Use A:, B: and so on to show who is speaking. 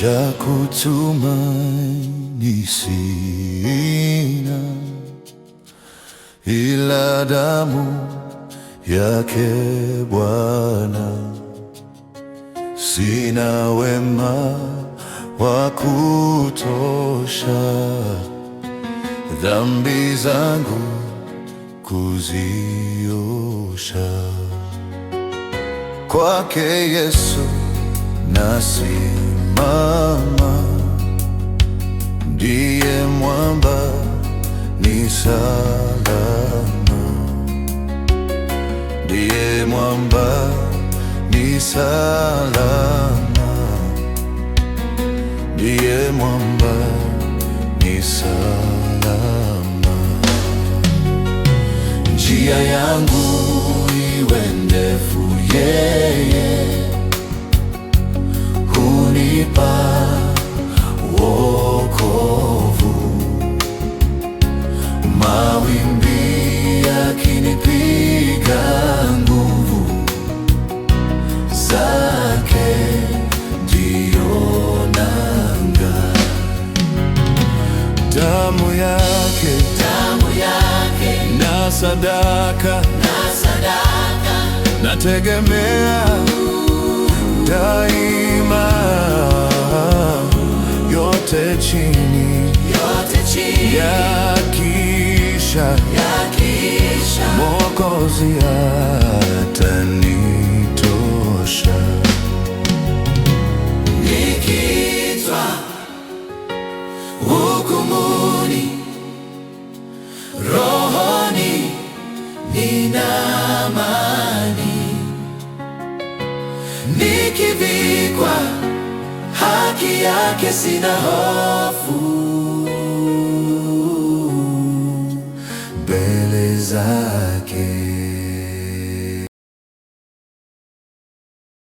A: cha kutumaini sina, ila damu yake Bwana. Sina wema wa kutosha, dhambi zangu kuziosha, kwake Yesu nasi mama ndiye mwamba ni salama, ndiye mwamba ni salama, ndiye mwamba ni salama, njia yangu iwe ndefu yeye damu yake,
B: damu yake
A: na sadaka,
B: na sadaka
A: nategemea daima, yote chini,
B: yote chini
A: ya kisha Mwokozi atani
B: yake sina hofu, mbele zake